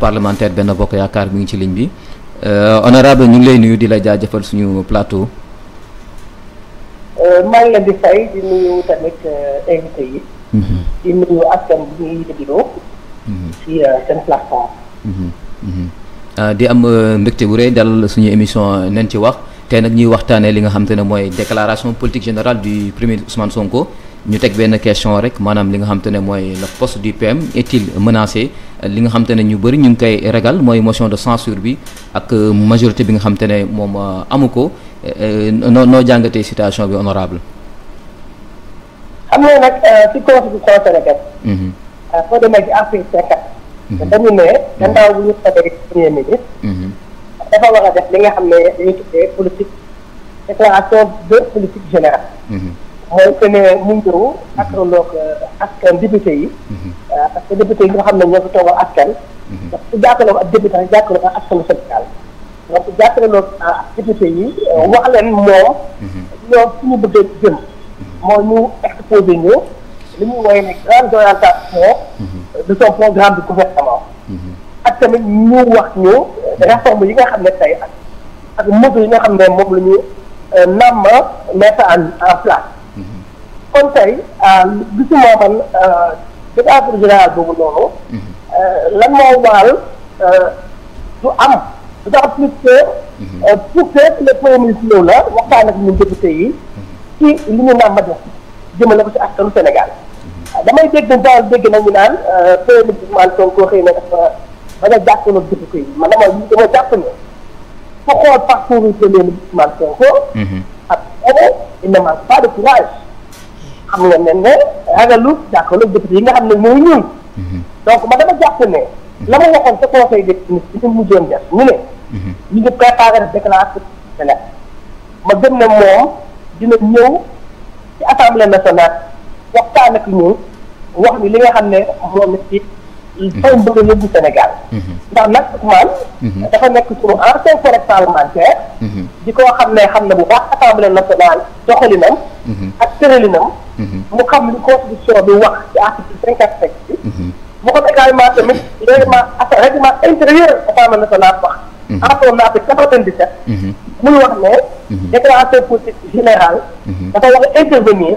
parlementaire benn bokk yaakaar mi ngi ci ligne bi euh, honorable ñu ngi lay nuyu di la jaajëfal suñu plateau. Euh, maa ngi leen di am di nuyu tamit euh, invité yi. Mm-hmm. Mm-hmm. Mm-hmm. bu rëy dalal suñu émission nañ ci wax tey nag ñuy waxtaanee li nga xam te ne mooy déclaration politique générale du premier Ousmane Sonko. ñu teg benn question rek manam li nga xam te ne le poste du PM est-il menacé li nga xam te ñu bari ñu ngi koy ragal mooy motion de censure bi ak euh, majorité bi nga xam te ne moom no euh, jangate euh, noo situation bi honorable xam nga nag ci constitution Sénégal. fo mhm. demee ci article cinquante. Mhm. dañu né ne mhm. gannaaw bu ñu xamee premier ministre. dafa wara def li nga xam ne dañuy tuddee politique déclaration de politique générale. hmm mooy que mu ñëw àndandoog euh, askan député yi. Mhm. Euh, parce que yi nga xam ne ñoo fi toogal askan. Mhm. ndax ak député yi jàkkaarloo ak askanu Sénégal. donc yi euh, wax leen moom. moo mhm. ñu exposé ñu li ñu woowee ne grande orientation. de son programme de gouvernement. ak tamit ñu wax ñu yi nga xam ne tey ak ak mesures yi nga xam ne moom la ñu naam mettre en en place. kon a gisuma man ci affaire euh, générale boobu noonu. Mhm. Euh, lan moo waral euh, du am. du tax plus que. Mhm. pour que le premier ministre ñëw la waxtaan ak ñun député yi. ci li ñu naan ma def jëmale ko ci askanu Sénégal. Mhm. damay dégg daal dégg nañu naan premier ministre Ousmane Sonko xëy na dafa bañ a jàppaloon député yi man dama dama jàpp ne ku xool parcours premier ministre Ousmane Sonko. ak xaw ma il ne manque pas de courage. xam nga ne ne ragalu jàkkaarloog député yi nga xam ne mooy ñun. Mhm. donc ma dama jàpp ne. la ma waxoon ca conseil des ministres bi ñu mujjoon def ñu ne. Mhm. ñu ngi préparé déclaration de ma gëm ne moom dina ñëw ci assemblée nationale waxtaan ak ñun ni li nga xam ne moom la ci. faw bëgg a yóbbu Sénégal mm-hmm. ndax nag Ousmane mm-hmm. dafa nekk suñu ancien collègue parlementaire mm-hmm. di koo xam ne xam ne bu baax assemblée nationale doxalinam ak tëralinam mu xam li constitution bi wax ci article cinquante sept bi mu xam également tamit règlement règlement intérieur assemblée nationale wax en son article quatre-vingt-dix-sept muy wax ne déclaration politique générale dafa war a intervenir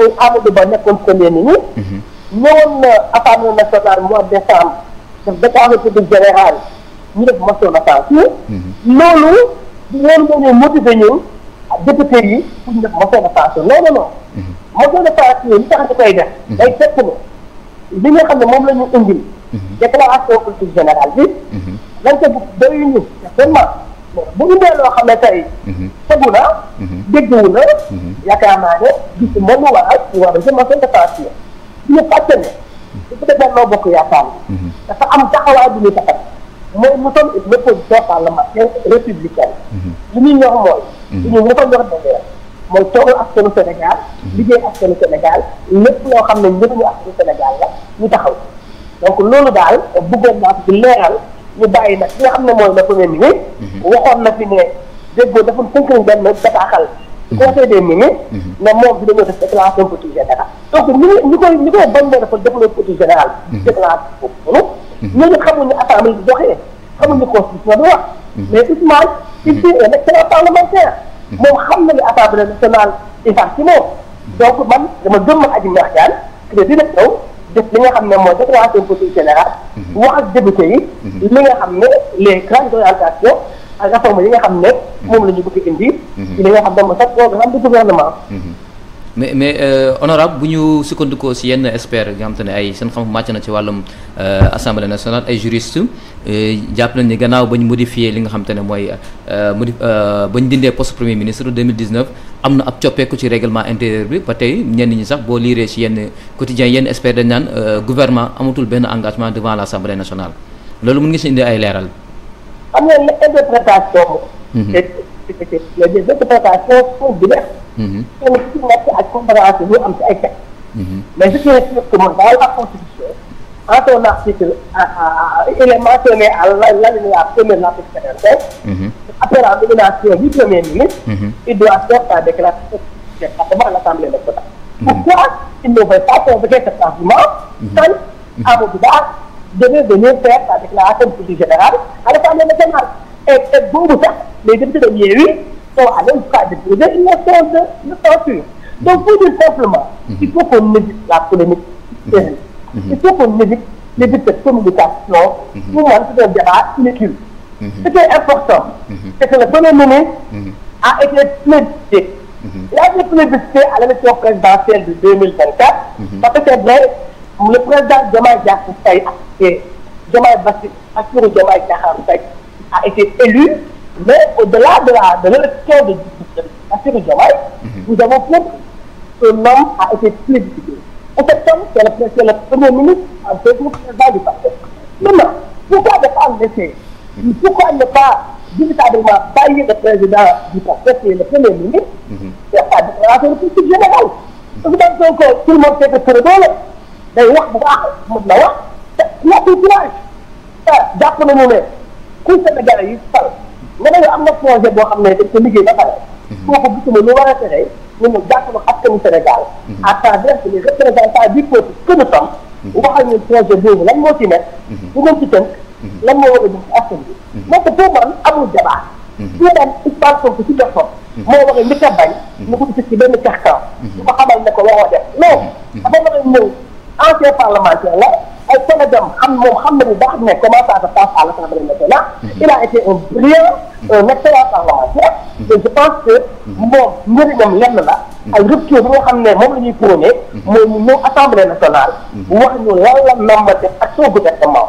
muy Amadou Ba nekkoon premier ministre. Mhm. ñëwoon na assemblée nationale mois de décembre def déclaration de politique générale ñu def motion de censure. Mhm. loolu loolu moo ñuy motiver ñu député yi pour ñu def motion de censure non non non. Mhm. motion de censure li tax ñu koy def. day fekk ne li nga xam ne moom la ñu indil. déclaration politique générale bi. lañ ko doyuñu certainement. bu ñu nee loo xam ne tey. Mhm. tegu na. Mhm. dégguwu na. Mhm. yaakaar naa ne gis moom lu waral ñu war a jëm ak interface yi ñu fàtte ne. su fekkee dañ loo bokk yaakaar dafa am taxawaay bu ñu taxaw mooy mu ne l'opposition parlementaire républicaine. li ñuy ñor mooy. li ñuy ñor dëgg mooy toogal askanu Sénégal. liggéey askanu Sénégal lépp loo xam ne njëriñu askanu Sénégal la ñu taxaw donc loolu daal bëggoon naa ko leeral. ñu bàyyi nag li nga xam ne mooy la premier ministre. Mhm. waxoon na fi ne déggoo dafa tënk nañ benn bataaxal. Mhm. conseil des ministres. Mhm. ne moom dinañoo def déclaration politique générale. donc ñu ngi ñu koy ñu koy bañ a defal déclaration politique générale. déclaration boobu noonu. ñooñu xamuñu assemblée bi doxee xamuñu constitution bi wax. mais Ousmane. il est un excellent parlementaire. moom xam na ne assemblée nationale il faut ci moom. donc man dama gëm ma Adji Mergane que dina taw. def li nga xam ne mooy déclaration politique générale. Mhm. wax ak député yi. Mhm. li nga xam ne les grandes orientations ak réformes yi nga xam ne. Mhm. moom la ñu bëgg indi. li nga xam ne mooy sax programme du gouvernement. mais mais euh, bu ñu sukkandikoo si yenn experts nga xam ne ay seen xam màcc na ci wàllum euh, assemblée nationale ay juristes euh, jàpp nañ ni gannaaw ba ñu modifié li nga xam te ne mooy euh, modi ba ñu dindee poste premier ministre 2019 amna na ab coppeeku ci règlement intérieur bi ba tey ñenn ñi sax boo liiree ci yenn quotidien yenn experts dañ naan euh, gouvernement amatul benn engagement devant l' assemblée nationale loolu mun nga si indi ay leeral. xam nga interprétation. les les après la nomination du Premier ministre, mm -hmm. il doit faire sa déclaration à l'Assemblée nationale. Pourquoi il ne veut pas convoquer cet argument mhm. quand Abouba devait venir faire sa déclaration du politique général à l'Assemblée nationale Et, et vous ça, les députés de l'IEU sont allés jusqu'à déposer une motion de, de, censure. Mhm. Donc, pour dire simplement, mm -hmm. il faut qu'on évite la polémique. Mm -hmm. Il faut qu'on évite, mhm. évite, cette communication. Pour moi, c'est un débat inutile. Ce qui est important, mhm. c'est que le Premier ministre mhm. a été plébiscité. Mhm. Il a été plébiscité à l'élection présidentielle de 2024 parce que c'est vrai, le président Jamal Diakhar Faye, a été élu, mais au-delà de l'élection de, de Bassirou nous avons compris que l'homme a été plébiscité. En septembre, c'est le, Premier ministre en fait, président du Parti. pourquoi ne pas le laisser Pourquoi ne pas véritablement bàyyi le président du PASTEF et le premier ministre mhm. def sa déclaration de politique générale Ousmane Sonko euh, tout le monde sait que kër doole day wax bu baax mën na wax te ñàkkul courage jàpp nañu ne kuy Sénégal yi fal nga ne am na projet boo xam ne dañ ko liggéey ba pare mhm. kooku gisuma lu war a fexe ñu ne jàpp na askanu Sénégal mhm. à travers les représentants du peuple que nous sommes waxal ñu projet boobu lan moo ci nekk bu ngeen ci tënk Mhm. lan moo war a jëm askan bi donc pour man amul débat su daan Ousmane Sonko ci boppam mhm. moo war a njëkk a bañ ñu mhm. ko ci benn carton su ko xamal ne ko waroo def mais dafa war a ñëw ancien parlementaire la ay collègues xam moom xam nañu baax ne comment ça se passe à l'Assemblée nationale il a été un brillant un excellent parlementaire et je pense que moom njëriñam lenn la ay rupture bi nga xam ne moom la ñuy prôné mooy ñu ñëw Assemblée nationale wax ñu lan la nam ma def ak son gouvernement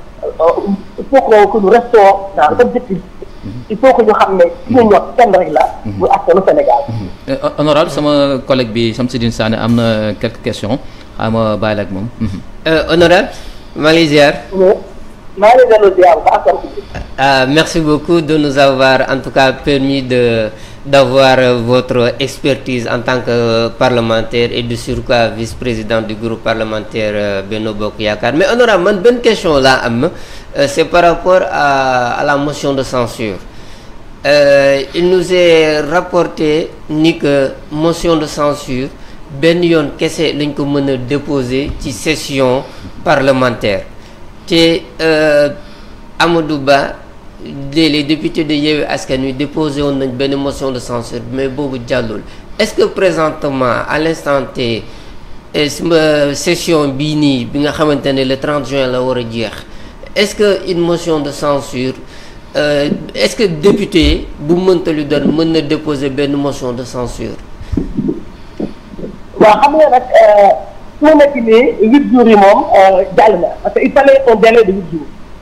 Euh, il faut que nous restons dans l'objectif. il faut que nous xam ne ki ñu ñor kenn rek la. Sénégal. Euh, honorable sama collègue bi Samsidine Sané am na quelques questions à ah, moi bàyyi la ak mhm. euh, honorable maa ngi lay ziar. maa ngi lay merci beaucoup de nous avoir en tout cas permis de d'avoir euh, votre expertise en tant que parlementaire et de surcroît vice-président du groupe parlementaire euh, Beno Bok Mais on aura une bonne question là, euh, c'est par rapport à, la motion de censure. il nous est rapporté ni que motion de censure, ben yon kese l'un ko déposer ci session parlementaire. Té euh, Amadou les députés de Yewwi Askan ont déposé une motion de censure mais Bobo jàllul est-ce que présentement à l'instant T euh, session bini le 30 juin est-ce qu'une motion de censure euh, est-ce que député bu mënta déposer une motion de censure oui, je nga euh, que le 8 jours il fallait un délai de 8 jours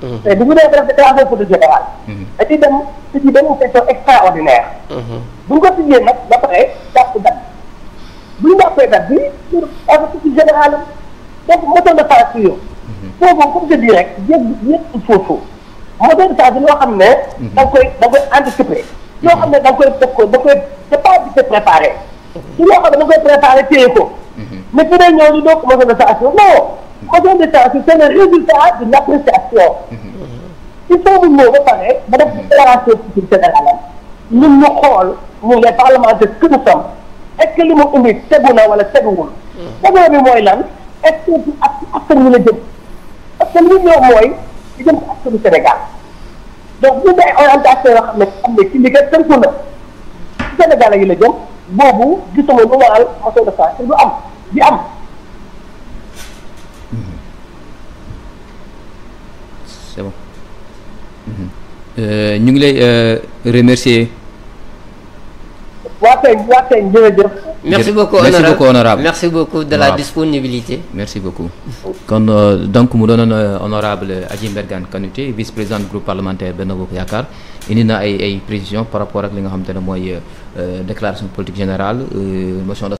te mm-hmm. bu ñu nee def dafa am photo général da ciy dem da ciy dem question extraordinaire mm-hmm. bu ñu ko tijjee nag ba pare jàpp dat bu ñu jàppee dat bi pour agriculture générale donc moteur de phase yooyu foofu comme je dis rek yëg yëg il faut foofu moteur de phase bi loo xam ne mm-hmm. da nga koy da nga koy anticiper loo xam ne da nga koy def ko da koy c'est pas du tout préparé si loo xam ne da nga koy préparé téye ko mais fi day ñëw di doog moteur de phase non modèle de c'est le résultat de l'appréciation. Il faut vous le reconnaître, Madame la République sénégalaise, nous nous xool nous les parlements de ce que nous sommes est-ce que li mu indi tegu na wala teguwul. problème bi mooy lan est-ce que ak askan wi la jëm parce que li ñu ñëw mooy di jëm ci askanu Sénégal donc bu dee orientation yoo xam ne am na ci liggéey tënku na Sénégal yi la jëm boobu gisuma lu waral moto de France du am le am. Euh, ñu ngi lay euh, remercier. merci beaucoup honorable merci beaucoup de la disponibilité. merci beaucoup donc euh, donc mu doonoon honorable Adjim Mbergane Kanuté vice-président du groupe parlementaire Benno Yakar il indi na ay précision par rapport ak li nga xam tane moy déclaration politique générale motion de.